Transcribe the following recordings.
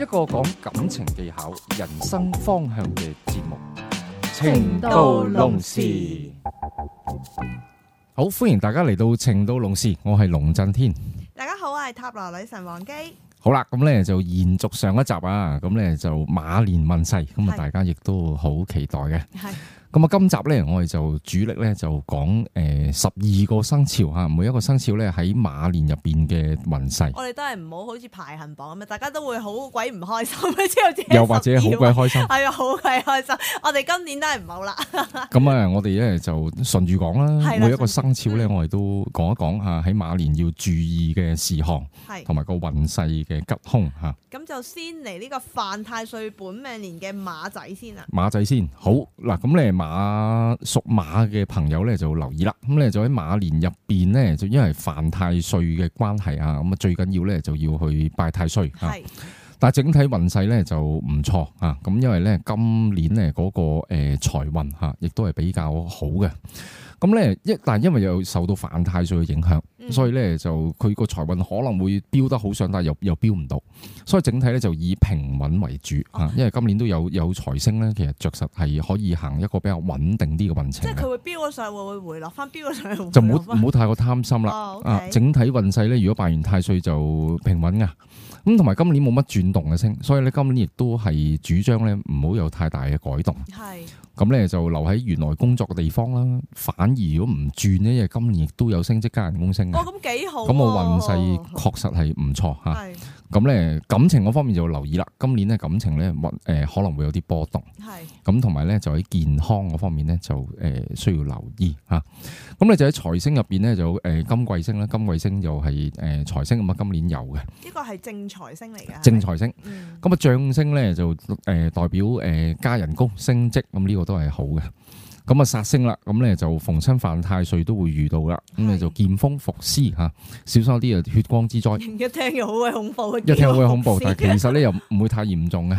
一個講感情技巧、人生方向嘅節目《情到濃時》好，好歡迎大家嚟到《情到濃時》，我係龍震天。大家好，我係塔羅女神王姬。好啦，咁咧就延續上一集啊，咁咧就馬年運勢，咁啊大家亦都好期待嘅。係。咁啊，今集咧，我哋就主力咧就講誒十二個生肖吓，每一個生肖咧喺馬年入邊嘅運勢。我哋都係唔好好似排行榜咁樣，大家都會好鬼唔開心，之後又或者好鬼開心，係啊，好鬼開心。我哋今年都係唔好啦。咁 啊，我哋咧就順住講啦，每一個生肖咧，我哋都講一講下喺馬年要注意嘅事項，同埋個運勢嘅吉凶吓。咁就先嚟呢個犯太歲本命年嘅馬仔先啦。馬仔先好嗱，咁你？馬屬馬嘅朋友咧就留意啦，咁咧就喺馬年入邊咧，就因為犯太歲嘅關係啊，咁啊最緊要咧就要去拜太歲。係是，但係整體運勢咧就唔錯啊，咁因為咧今年咧嗰個誒財運吓，亦都係比較好嘅。咁咧一但係因為又受到反太歲嘅影響，嗯、所以咧就佢個財運可能會飆得好上，但係又又飆唔到，所以整體咧就以平穩為主啊！哦、因為今年都有有財星咧，其實著實係可以行一個比較穩定啲嘅運程。即係佢會飆咗上，會回落翻，飆咗上、啊、就唔好唔好太過貪心啦、哦 okay、整體運勢咧，如果拜完太歲就平穩噶。咁同埋今年冇乜轉動嘅星，所以咧今年亦都係主張咧唔好有太大嘅改動。係。咁咧就留喺原來工作嘅地方啦。反而如果唔轉咧，亦今年亦都有升職加人工升嘅。哦，咁幾好啊。咁我運勢確實係唔錯嚇。咁咧感情嗰方面就要留意啦。今年咧感情咧誒可能會有啲波動。係咁，同埋咧就喺健康嗰方面咧就誒需要留意吓。咁咧就喺財星入邊咧就誒金桂星啦，金桂星就係誒財星咁啊。今年有嘅呢個係正財星嚟㗎。正財星咁啊，嗯、象星咧就誒代表誒加人工升職，咁、這、呢個都係好嘅。咁啊殺星啦，咁咧就逢親犯太歲都會遇到啦，咁咧的就劍鋒伏屍，小心生啲血光之災。一聽又好鬼恐怖，一聽好鬼恐怖，但其實咧又唔會太嚴重嘅。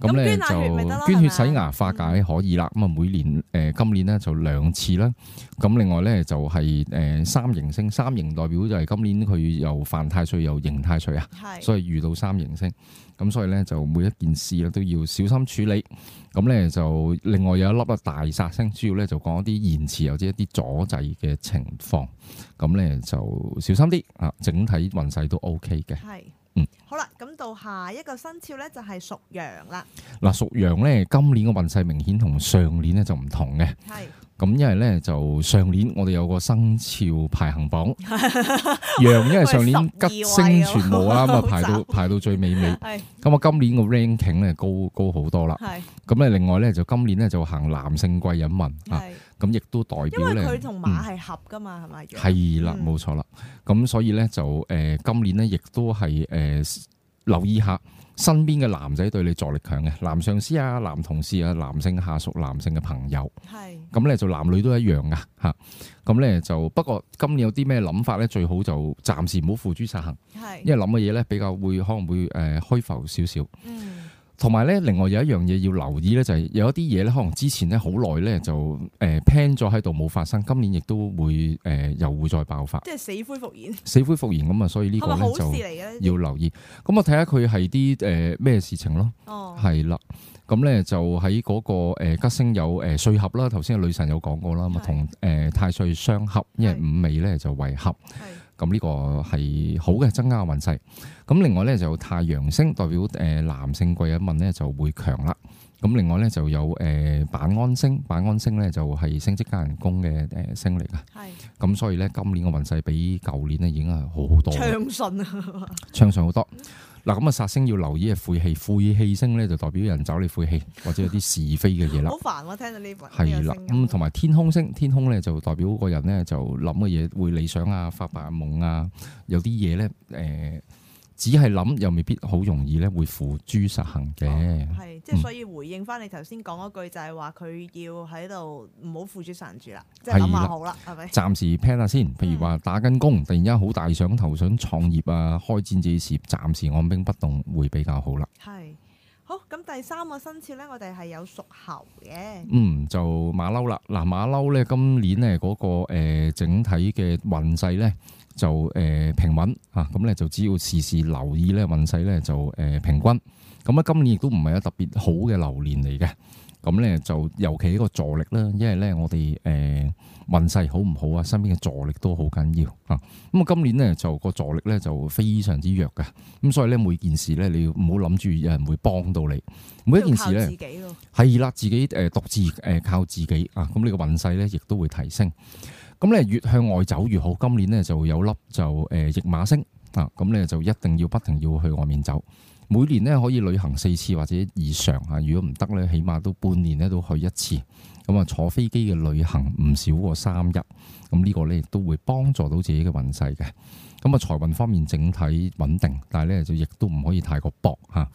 咁咧就捐血洗牙化解，可以啦。咁啊、嗯，每年誒、呃、今年咧就兩次啦。咁、嗯、另外咧就係、是、誒、呃、三刑星，三刑代表就係今年佢又犯太歲又刑太歲啊。是所以遇到三刑星，咁所以咧就每一件事咧都要小心處理。咁咧就另外有一粒啊大煞星，主要咧就講一啲延遲或者一啲阻滯嘅情況。咁、嗯、咧、嗯、就小心啲啊！整體運勢都 OK 嘅。係。嗯，好啦，咁到下一個生肖咧就係屬羊啦。嗱，屬羊咧今年嘅運勢明顯同上年咧就唔同嘅。係。咁因為咧就上年我哋有個生肖排行榜，羊 因為上年吉星全冇啊嘛，排到 排到最尾尾。咁我今年個 ranking 咧高高好多啦。咁咧另外咧就今年咧就行男性貴人運吓，咁亦都代表咧佢同馬係合噶嘛，係咪、嗯？係啦，冇錯啦。咁了、嗯、所以咧就誒，今年咧亦都係誒。留意下身邊嘅男仔對你助力強嘅男上司啊、男同事啊、男性下屬、男性嘅朋友，係咁咧就男女都一樣㗎吓。咁咧就不過今年有啲咩諗法咧，最好就暫時唔好付諸實行，係是因為諗嘅嘢咧比較會可能會誒、呃、虛浮少少。嗯同埋咧，另外有一樣嘢要留意咧，就係、是、有一啲嘢咧，可能之前咧好耐咧就誒 plan 咗喺度冇發生，今年亦都會誒、呃、又會再爆發，即係死灰復燃，死灰復燃咁啊！所以個呢個咧就要留意。咁我睇下佢係啲誒咩事情咯。哦，係啦。咁咧就喺嗰、那個、呃、吉星有誒歲合啦。頭、呃、先女神有講過啦，咪同誒太歲相合，因為午未咧就為合。的咁呢個係好嘅，增加運勢。咁另外呢，就太陽星代表誒男性貴人運呢就會強啦。咁另外咧就有誒板、呃、安星」。「板安星呢」咧就係升職加人工嘅誒星嚟噶。係是。咁所以咧今年嘅運勢比舊年咧已經係好好多,多。暢順啊！暢順好多。嗱咁啊煞星要留意嘅晦氣，晦氣星咧就代表人找你晦氣，或者有啲是非嘅嘢啦。好 煩我、啊、聽到呢、這、位、個。係啦的。咁同埋天空星，天空咧就代表個人咧就諗嘅嘢會理想啊、發白夢啊，有啲嘢咧誒。呃呃只係諗又未必好容易咧，會付諸實行嘅。係、哦，即係所以回應翻你頭先講嗰句，嗯、就係話佢要喺度唔好付諸實行住啦，即係諗下好啦，係咪？暫時 plan 下先，譬、嗯、如話打緊工，突然間好大想頭想創業啊，開展自己事業，暫時按兵不動會比較好啦。係，好，咁第三個生肖咧，我哋係有屬猴嘅。嗯，就馬騮啦。嗱，馬騮咧今年咧、那、嗰個、呃、整體嘅運勢咧。就誒平穩啊，咁咧就只要時時留意咧運勢咧就誒平均。咁啊今年亦都唔係一特別好嘅流年嚟嘅，咁咧就尤其呢個助力啦，因為咧我哋誒運勢好唔好啊，身邊嘅助力都好緊要啊。咁啊今年咧就個助力咧就非常之弱㗎，咁所以咧每件事咧你要唔好諗住有人會幫到你，每一件事咧係啦自己誒獨自誒靠自己啊。咁你個運勢咧亦都會提升。咁咧越向外走越好，今年呢就有粒就誒、呃、驛馬星啊！咁咧就一定要不停要去外面走，每年呢可以旅行四次或者以上啊！如果唔得呢，起碼都半年咧都去一次。咁啊，坐飛機嘅旅行唔少過三日。咁、啊、呢、這個呢都會幫助到自己嘅運勢嘅。咁啊，財運方面整體穩定，但係呢就亦都唔可以太過搏吓。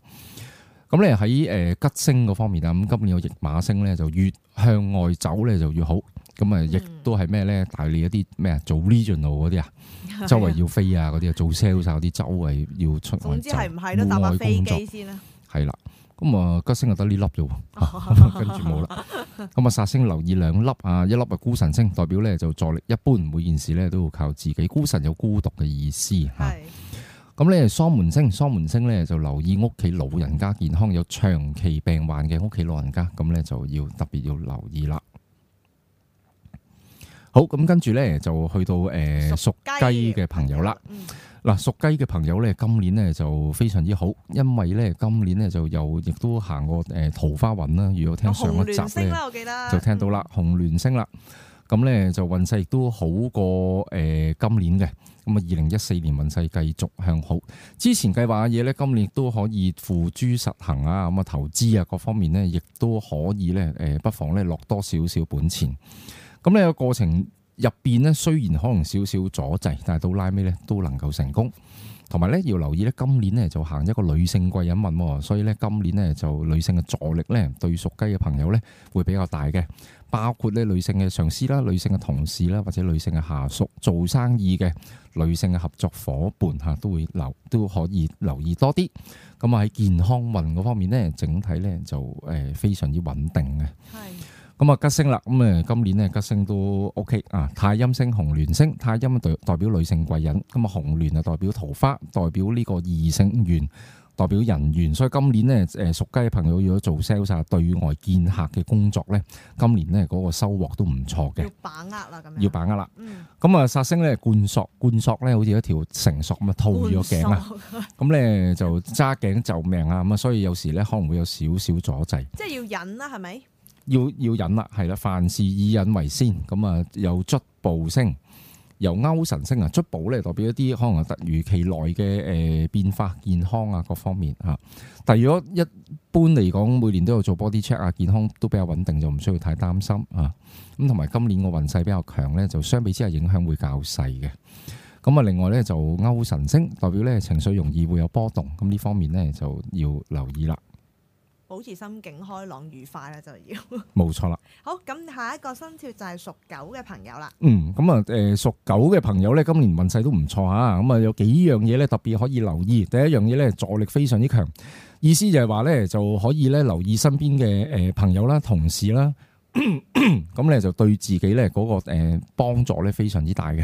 咁咧喺誒吉星嗰方面啊，咁今年有驛馬星呢就越向外走呢，就越好。咁啊，亦都係咩咧？代理一啲咩啊？做 regional 嗰啲啊，周圍要飛啊，嗰啲啊，做 sales 嗰啲周圍要出外，總之係唔係咯？搭外飛機先啦、啊。係啦，咁啊，吉星就得呢粒啫，咁 跟住冇啦。咁啊煞星留意兩粒啊，一粒啊孤神星，代表咧就助力一般，每件事咧都要靠自己。孤神有孤獨嘅意思吓。咁咧的，喪門星，喪門星咧就留意屋企老人家健康有長期病患嘅屋企老人家，咁咧就要特別要留意啦。好咁，跟住呢，就去到誒屬、呃、雞嘅朋友啦。嗱、嗯，屬雞嘅朋友呢，今年呢就非常之好，因為呢今年呢就又亦都行過誒、呃、桃花運啦。如果聽上一集咧，就聽到啦、哦，紅鸞星啦。咁呢、嗯，就運勢亦都好過誒今年嘅。咁啊，二零一四年運勢繼續向好。之前計劃嘅嘢呢，今年亦都可以付諸實行啊。咁啊，投資啊各方面呢，亦都可以呢，誒、呃，不妨呢落多少少本錢。咁呢個過程入邊呢，雖然可能少少阻滯，但係到拉尾呢，都能夠成功。同埋呢，要留意呢，今年呢，就行一個女性貴人運，所以呢，今年呢，就女性嘅助力呢，對屬雞嘅朋友呢，會比較大嘅。包括呢，女性嘅上司啦、女性嘅同事啦，或者女性嘅下屬，做生意嘅女性嘅合作夥伴吓，都會留都可以留意多啲。咁啊喺健康運嗰方面呢，整體呢，就誒、呃、非常之穩定嘅。係。咁啊吉星啦，咁誒今年咧吉星都 OK 啊，太陰星、紅鸞星，太陰代代表女性貴人，咁啊紅鸞啊代表桃花，代表呢個異性緣，代表人緣，所以今年咧誒屬雞嘅朋友如果做 sales 對外見客嘅工作咧，今年咧嗰個收穫都唔錯嘅。要把握啦，咁樣。要把握啦。嗯。咁啊煞星咧貫索，貫索咧，好似一條繩索咁，啊套住咗頸啊，咁咧就揸頸就命啊，咁啊所以有時咧可能會有少少阻滯。即係要忍啦，係咪？要要忍啦，係啦，凡事以忍為先。咁啊，有卒步星，由「勾神星」步呢啊，卒步咧代表一啲可能係突如其來嘅誒、呃、變化、健康啊各方面吓、啊。但如果一般嚟講，每年都有做 body check 啊，健康都比較穩定，就唔需要太擔心啊。咁同埋今年個運勢比較強咧，就相比之下影響會較細嘅。咁啊，另外咧就勾神星，代表咧情緒容易會有波動，咁呢方面咧就要留意啦。保持心境開朗愉快啦，就要冇 錯啦。好，咁下一個生肖就係屬狗嘅朋友啦。嗯，咁啊，誒、呃，屬狗嘅朋友咧，今年運勢都唔錯嚇。咁啊，有幾樣嘢咧特別可以留意。第一樣嘢咧，助力非常之強，意思就係話咧就可以咧留意身邊嘅誒、呃、朋友啦、同事啦，咁咧就對自己咧嗰、那個誒、呃、幫助咧非常之大嘅。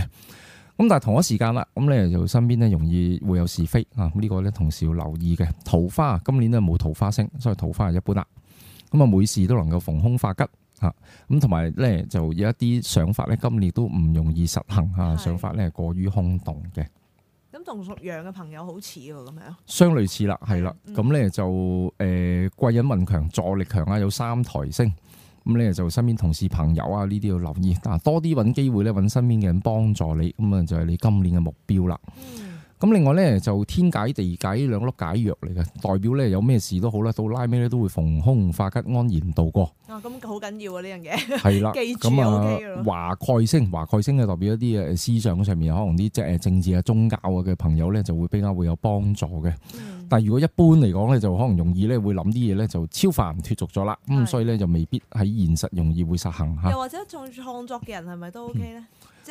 咁但係同一時間啦，咁咧就身邊咧容易會有是非啊！咁、這個、呢個咧同時要留意嘅桃花，今年咧冇桃花星，所以桃花係一般啦。咁啊，每事都能夠逢凶化吉吓，咁同埋咧就有一啲想法咧，今年都唔容易實行啊，是想法咧過於空洞嘅。咁同屬羊嘅朋友好似喎，咁樣相類似啦，係啦，咁咧、嗯、就誒貴人運強，助力強啊，有三台星。咁咧就身邊同事朋友啊，呢啲要留意，嗱多啲揾機會咧揾身邊嘅人幫助你，咁啊就係你今年嘅目標啦。咁另外咧就天解地解兩粒解藥嚟嘅，代表咧有咩事都好啦，到拉尾咧都會逢凶化吉，安然度過。咁好緊要啊！呢樣嘢係啦，記住 OK 嘅。啊、華蓋星，華蓋星就代表一啲誒思想上面可能啲即係政治啊、宗教啊嘅朋友咧，就會比較會有幫助嘅。嗯、但係如果一般嚟講咧，就可能容易咧會諗啲嘢咧就超凡脫俗咗啦。咁係所以咧就未必喺現實容易會實行嚇。又或者創創作嘅人係咪都 OK 咧？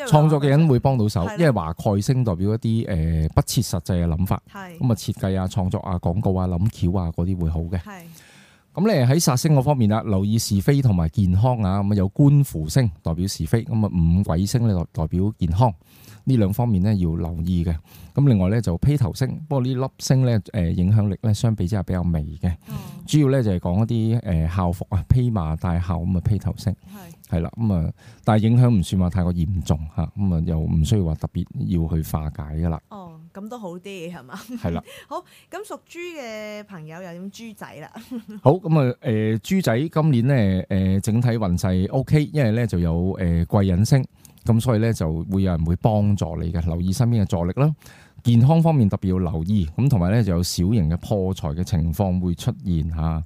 創作嘅人會幫到手，係因為華蓋星代表一啲誒、呃、不切實際嘅諗法。咁啊係，設計啊、創作啊、廣告啊、諗橋啊嗰啲會好嘅。係咁咧喺煞星嗰方面啦，留意是非同埋健康啊！咁啊有官符星代表是非，咁啊五鬼星咧代表健康呢兩方面咧要留意嘅。咁另外咧就披頭星，不過呢粒星咧誒影響力咧相比之下比較微嘅，嗯、主要咧就係講一啲誒孝服啊披麻戴孝，咁啊披頭星係係啦，咁啊是但係影響唔算話太過嚴重吓，咁啊又唔需要話特別要去化解噶啦。咁都好啲，係嘛？係啦是的， 好，咁屬豬嘅朋友又點豬？豬仔啦，好，咁啊！誒、呃，豬仔今年咧，誒、呃，整體運勢 O、OK, K，因為咧就有誒、呃、貴人星，咁所以咧就會有人會幫助你嘅。留意身邊嘅助力啦，健康方面特別要留意咁，同埋咧就有小型嘅破財嘅情況會出現吓。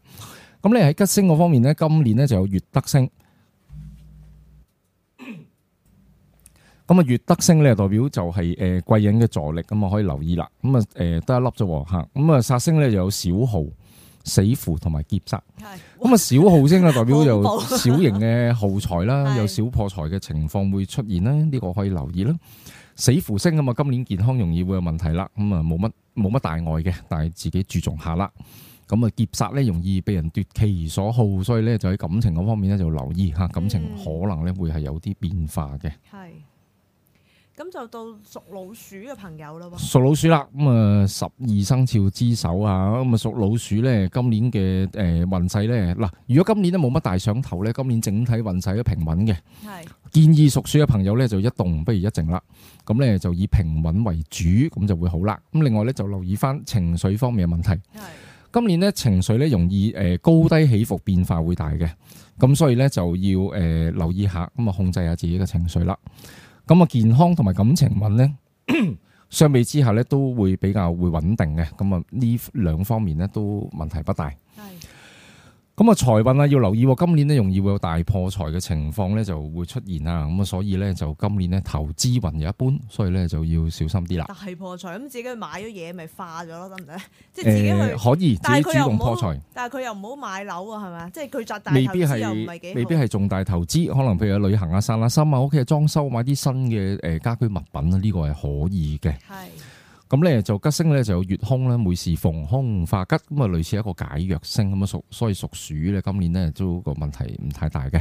咁你喺吉星嗰方面咧，今年咧就有月德星。咁啊，月德星咧，代表就係誒貴人嘅助力啊嘛，可以留意啦。咁啊，誒得一粒啫喎嚇。咁啊，煞星咧就有小耗、死符同埋劫煞。咁啊是，小耗星啊，代表有小型嘅耗財啦，是有小破財嘅情況會出現啦。呢個可以留意啦。死符星咁啊，今年健康容易會有問題啦。咁啊，冇乜冇乜大礙嘅，但係自己注重下啦。咁啊，劫煞咧容易被人奪其所好。所以咧就喺感情嗰方面咧就留意嚇，感情可能咧會係有啲變化嘅。係。咁就到屬老鼠嘅朋友啦，屬老鼠啦，咁啊十二生肖之首啊，咁啊屬老鼠咧，今年嘅誒運勢咧，嗱、呃，如果今年都冇乜大上頭咧，今年整體運勢都平穩嘅，是建議屬鼠嘅朋友咧就一動不如一靜啦，咁咧就以平穩為主，咁就會好啦。咁另外咧就留意返情緒方面嘅問題，是今年咧情緒咧容易誒、呃、高低起伏變化會大嘅，咁所以咧就要誒、呃、留意下，咁啊控制下自己嘅情緒啦。咁啊，健康同埋感情運咧， 相比之下咧，都會比較會穩定嘅。咁啊，呢兩方面咧都問題不大。係。咁啊，財運啊，要留意喎。今年咧容易會有大破財嘅情況咧，就會出現啊。咁啊，所以咧就今年咧投資運又一般，所以咧就要小心啲啦。大破財咁自己買咗嘢咪化咗咯，得唔得？即係自己去可以，但係主動破財。但係佢又唔好買樓啊，係咪？即係佢砸大投資又唔係幾，未必係重大投資，可能譬如旅行啊、散下心啊、屋企裝修、買啲新嘅誒家居物品啊，呢個係可以嘅。係。咁咧就吉星咧就有月空啦，每時逢空化吉，咁啊類似一個解藥星咁啊，屬，所以屬鼠咧今年咧都個問題唔太大嘅。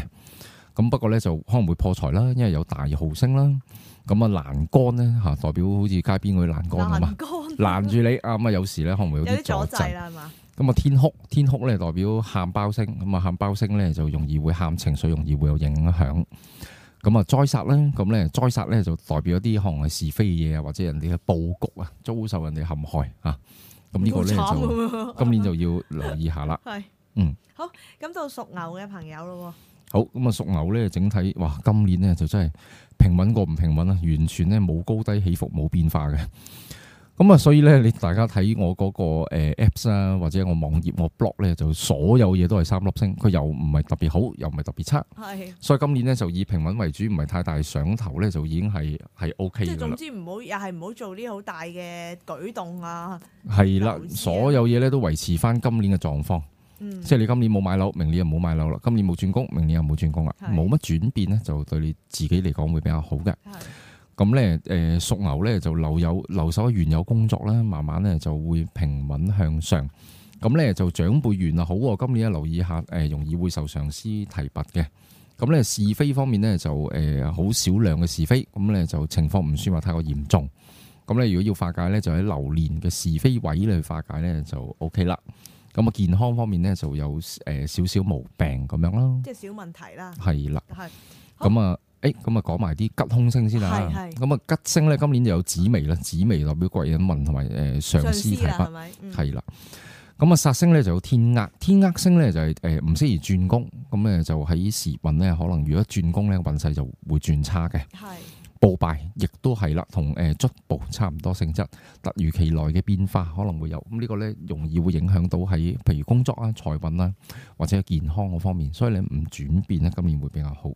咁不過咧就可能會破財啦，因為有大耗星啦。咁啊攔杆咧吓，代表好似街邊嗰啲攔杆咁。嘛，攔住你啊，咁啊有時咧可能會有啲阻滯啦係嘛。咁啊天哭，天哭咧代表喊包星，咁啊喊包星咧就容易會喊，情緒，容易會有影響。咁啊，災煞啦，咁咧災煞咧就代表一啲行係是非嘢啊，或者人哋嘅布局啊，遭受人哋陷害啊，咁呢個咧就今年就要留意下啦。係，嗯，好，咁到屬牛嘅朋友咯，好，咁啊屬牛咧整體哇，今年咧就真係平穩過唔平穩啊，完全咧冇高低起伏，冇變化嘅。咁啊，所以咧，你大家睇我嗰個誒 apps 啊，或者我網頁我 blog 咧，就所有嘢都係三粒星，佢又唔係特別好，又唔係特別差。係所以今年咧就以平穩為主，唔係太大上頭咧，就已經係係 O K。即係、OK、總之唔好，又係唔好做呢好大嘅舉動啊。係啦係，啊、所有嘢咧都維持翻今年嘅狀況。嗯、即係你今年冇買樓，明年又冇買樓啦。今年冇轉工，明年又冇轉工啦。冇乜轉變咧，就對你自己嚟講會比較好嘅。咁咧，誒、嗯，屬牛咧就留有留守原有工作啦，慢慢咧就會平穩向上。咁咧就長輩緣啊，好，今年啊留意一下，誒，容易會受上司提拔嘅。咁、嗯、咧是非方面咧就誒，好、呃、少量嘅是非，咁咧就情況唔算話太過嚴重。咁、嗯、咧、嗯、如果要化解咧，就喺流年嘅是非位嚟化解咧就 OK 啦。咁、嗯、啊，健康方面咧就有誒少少毛病咁樣咯，即係小問題啦。係啦了，係咁啊。誒，咁啊講埋啲吉凶星先啦，咁啊吉星咧今年就有紫微啦，紫微代表貴人運同埋誒上司提拔，係啦。咁啊煞星咧就有天厄，天厄星咧就係誒唔適宜轉工，咁咧就喺時運咧可能如果轉工咧運勢就會轉差嘅。暴敗亦都係啦，同誒卒暴差唔多性質，突如其來嘅變化可能會有，咁、嗯這個、呢個咧容易會影響到喺譬如工作啊、財運啦，或者健康嗰方面，所以你唔轉變咧，今年會比較好。係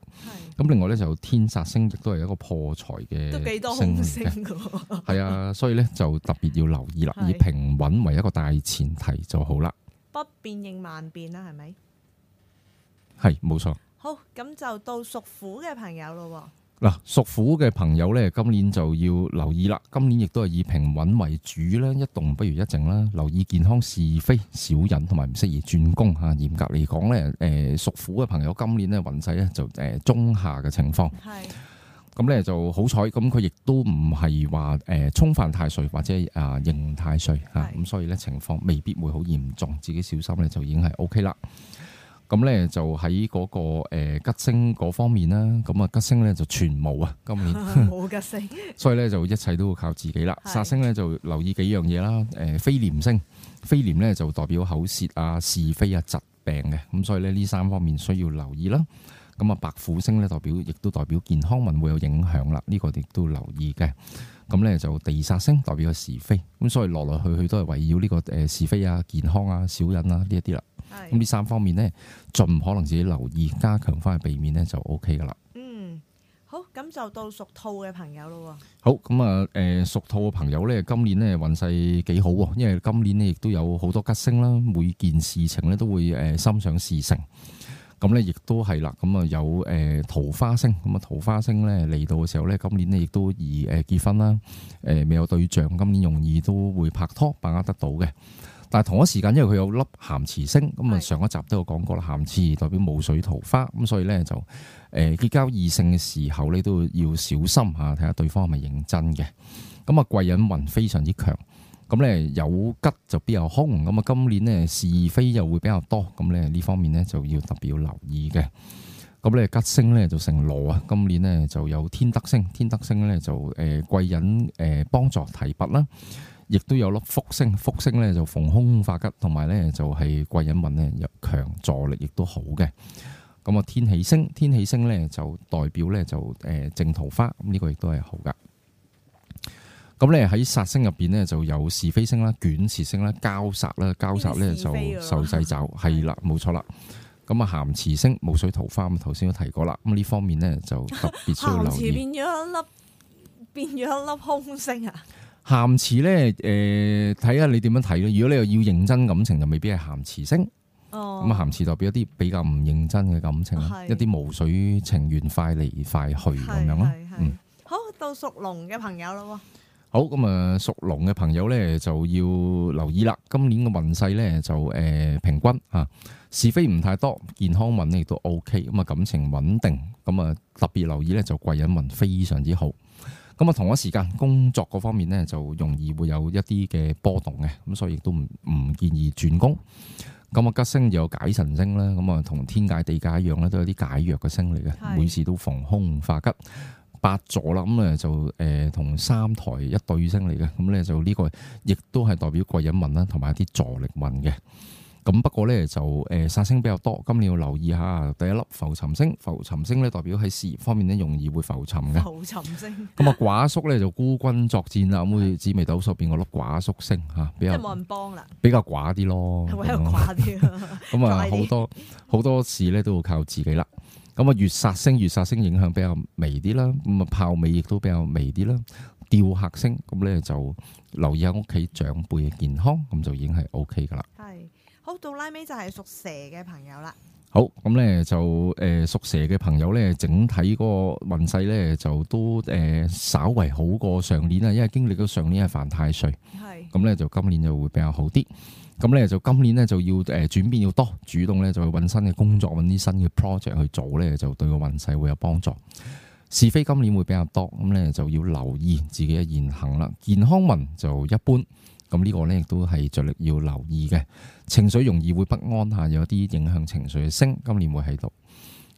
咁是，另外咧就天煞星亦都係一個破財嘅星星嘅，係 啊，所以咧就特別要留意啦，是以平穩為一個大前提就好啦。不變應萬變啦，係咪？係冇錯。錯好，咁就到屬虎嘅朋友咯。嗱，屬虎嘅朋友咧，今年就要留意啦。今年亦都係以平穩為主啦，一動不如一靜啦。留意健康是非，小人同埋唔適宜轉工吓。嚴格嚟講咧，誒、呃，屬虎嘅朋友今年咧運勢咧就誒、呃、中下嘅情況。係是。咁呢就好彩，咁佢亦都唔係話誒沖犯太歲或者啊刑、呃、太歲吓，咁是、啊、所以咧情況未必會好嚴重，自己小心咧就已經係 O K 啦。咁咧就喺嗰、那個誒、呃、吉星嗰方面啦，咁啊吉星咧就全冇啊，今年冇吉星， 所以咧就一切都要靠自己啦。是煞星咧就留意幾樣嘢啦，誒、呃、飛廉星，飛廉咧就代表口舌啊、是非啊、疾病嘅，咁所以咧呢三方面需要留意啦。咁啊白虎星咧代表，亦都代表健康運會有影響啦，呢、這個亦都留意嘅。咁咧就地煞星代表個是非，咁所以來來去去都係圍繞呢個誒是非啊、健康啊、小人啊呢一啲啦。咁呢三方面咧，盡可能自己留意，加強翻去避免咧、OK，就 O K 噶啦。嗯，好，咁就到屬兔嘅朋友咯。好，咁啊，誒、呃，屬兔嘅朋友咧，今年咧運勢幾好啊，因為今年咧亦都有好多吉星啦，每件事情咧都會誒、呃、心想事成。咁咧亦都係啦，咁啊有誒、呃、桃花星，咁啊桃花星咧嚟到嘅時候咧，今年咧亦都易誒、呃、結婚啦，誒、呃、未有對象，今年容易都會拍拖，把握得到嘅。但係同一時間，因為佢有粒咸池星，咁啊的上一集都有講過啦。咸池代表霧水桃花，咁所以咧就誒結交異性嘅時候，你都要小心嚇，睇下對方係咪認真嘅？咁啊貴人運非常之強，咁咧有吉就必有凶。咁啊今年呢，是非又會比較多，咁咧呢方面呢，就要特別要留意嘅。咁咧吉星咧就成羅啊，今年呢，就有天德星，天德星咧就誒貴人誒幫助提拔啦。亦都有粒福星，福星咧就逢凶化吉，同埋咧就係貴人運咧有強助力，亦都好嘅。咁啊，天喜星，天喜星咧就代表咧就誒正桃花，呢、呢個亦都係好噶。咁咧喺煞星入邊咧就有是非星啦、卷舌星啦、交煞啦、交煞咧就受制就係啦，冇錯啦。咁啊，咸池星、霧水桃花，咁頭先都提過啦。咁呢方面咧就特別需要留意。 變咗一粒，變咗一粒空星啊！咸池咧，誒、呃，睇下你點樣睇咯。如果你又要認真感情，就未必係咸池星。哦，咁啊，咸池代表一啲比較唔認真嘅感情，是一啲無水情緣，快嚟快去咁樣咯。嗯，好，到屬龍嘅朋友咯。好，咁啊，屬龍嘅朋友咧就要留意啦。今年嘅運勢咧就誒、呃、平均啊，是非唔太多，健康運亦都 OK。咁啊，感情穩定，咁、嗯、啊特別留意咧就貴人運非常之好。咁啊，同一時間工作嗰方面咧，就容易會有一啲嘅波動嘅，咁所以亦都唔唔建議轉工。咁啊，吉星有解神星啦，咁啊同天解地解一樣咧，都有啲解藥嘅星嚟嘅，是每次都逢凶化吉，八座啦，咁啊就誒同三台一對星嚟嘅，咁咧就呢個亦都係代表貴人運啦，同埋啲助力運嘅。咁不過咧就誒煞、呃、星比較多，今年要留意下第一粒浮沉星，浮沉星咧代表喺事業方面咧容易會浮沉嘅。浮沉星，咁啊寡宿咧就孤軍作戰啦，咁會紫微斗數變個粒寡宿星吓，嗯、比較冇人幫啦，嗯、比較寡啲咯，咁啊好多好多事咧都要靠自己啦。咁啊越煞星越煞星影響比較微啲啦，咁啊炮尾亦都比較微啲啦。吊客星，咁咧就留意下屋企長輩嘅健康，咁就已經係 O K 噶啦。係、嗯。好，到拉尾就係屬蛇嘅朋友啦。好，咁咧就誒屬、呃、蛇嘅朋友咧，整體個運勢咧就都誒、呃、稍為好過上年啦，因為經歷咗上年係犯太歲。係是。咁咧就今年就會比較好啲。咁咧就今年咧就要誒、呃、轉變要多，主動咧就去搵新嘅工作，搵啲新嘅 project 去做咧，就對個運勢會有幫助。是非今年會比較多，咁咧就要留意自己嘅言行啦。健康運就一般。咁呢個咧，亦都係着力要留意嘅情緒，容易會不安下，有啲影響情緒星。今年會喺度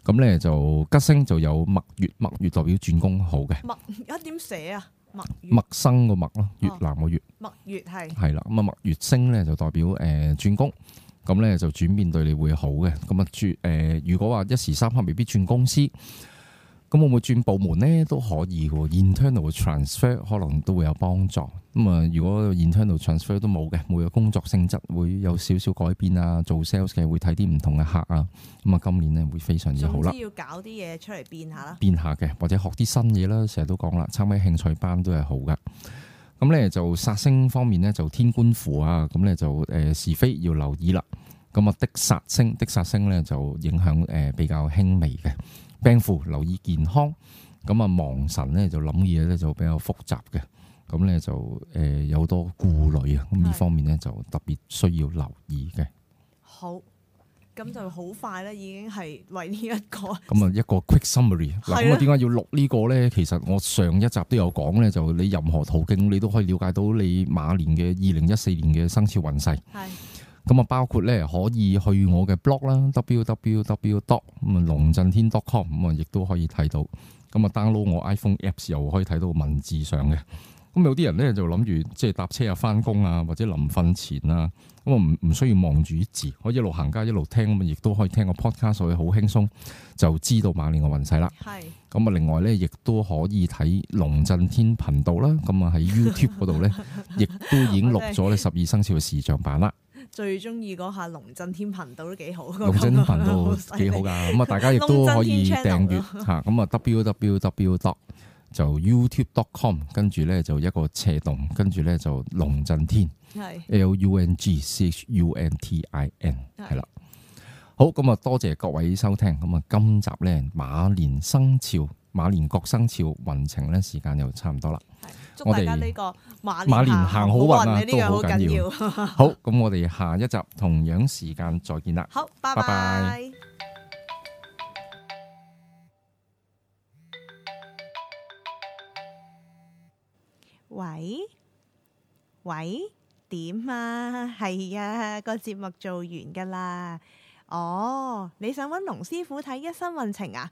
咁咧，就吉星就有墨月，墨月代表轉工好嘅。墨一點寫啊？墨墨生個墨咯，越南個、哦、月。墨月，係係啦。咁啊墨月星咧就代表誒轉工咁咧，就轉變對你會好嘅。咁啊轉誒，如果話一時三刻未必轉公司。咁會唔會轉部門咧，都可以嘅，internal transfer 可能都會有幫助。咁、嗯、啊，如果 internal transfer 都冇嘅，每個工作性質會有少少改變啊。做 sales 嘅會睇啲唔同嘅客啊。咁、嗯、啊，今年咧會非常之好啦。總之要搞啲嘢出嚟變下啦。變下嘅，或者學啲新嘢啦。成日都講啦，參加興趣班都係好噶。咁、嗯、咧就殺星方面咧就天官符啊，咁、嗯、咧就誒、呃、是非要留意啦。咁啊的殺星，的殺星咧就影響誒、呃、比較輕微嘅。病符，留意健康。咁啊，亡神咧就諗嘢咧就比較複雜嘅，咁咧就誒有好多顧慮啊。咁呢的方面咧就特別需要留意嘅。好，咁就好快咧，已經係為呢一、這個。咁啊，一個 quick summary 的。咁啊，點解要錄個呢個咧？其實我上一集都有講咧，就你任何途徑，你都可以了解到你馬年嘅二零一四年嘅生肖運勢。咁啊，包括咧可以去我嘅 blog 啦，www.dot 龍震天 .com，咁啊，亦都可以睇到。咁啊，download 我 iPhone apps 又可以睇到文字上嘅。咁有啲人咧就諗住即係搭車啊翻工啊，或者臨瞓前啊，咁啊唔唔需要望住字，可以一路行街一路聽，咁亦都可以聽個 podcast，所以好輕鬆就知道馬年嘅運勢啦。係是。咁啊，另外咧亦都可以睇龍震天頻道啦。咁啊喺 YouTube 度咧，亦都已經錄咗咧十二生肖嘅視像版啦。最中意嗰下龍震天頻道都幾好，龍震天頻道幾好噶，咁啊 大家亦都可以訂閱吓，咁啊 w w w dot 就 youtube dot com，跟住咧就一個斜洞，跟住咧就龍震天係是 l u n g c h u n t i n 係啦，是好，咁啊多謝各位收聽，咁啊今集咧馬年生肖。馬年各生肖運程咧，時間又差唔多啦。祝大家呢個馬年行好運啊！呢個好緊、啊啊、要。 好，咁我哋下一集同樣時間再見啦。好，拜拜。喂拜喂，點啊？係啊，個節目做完噶啦。哦，你想揾龍師傅睇一生運程啊？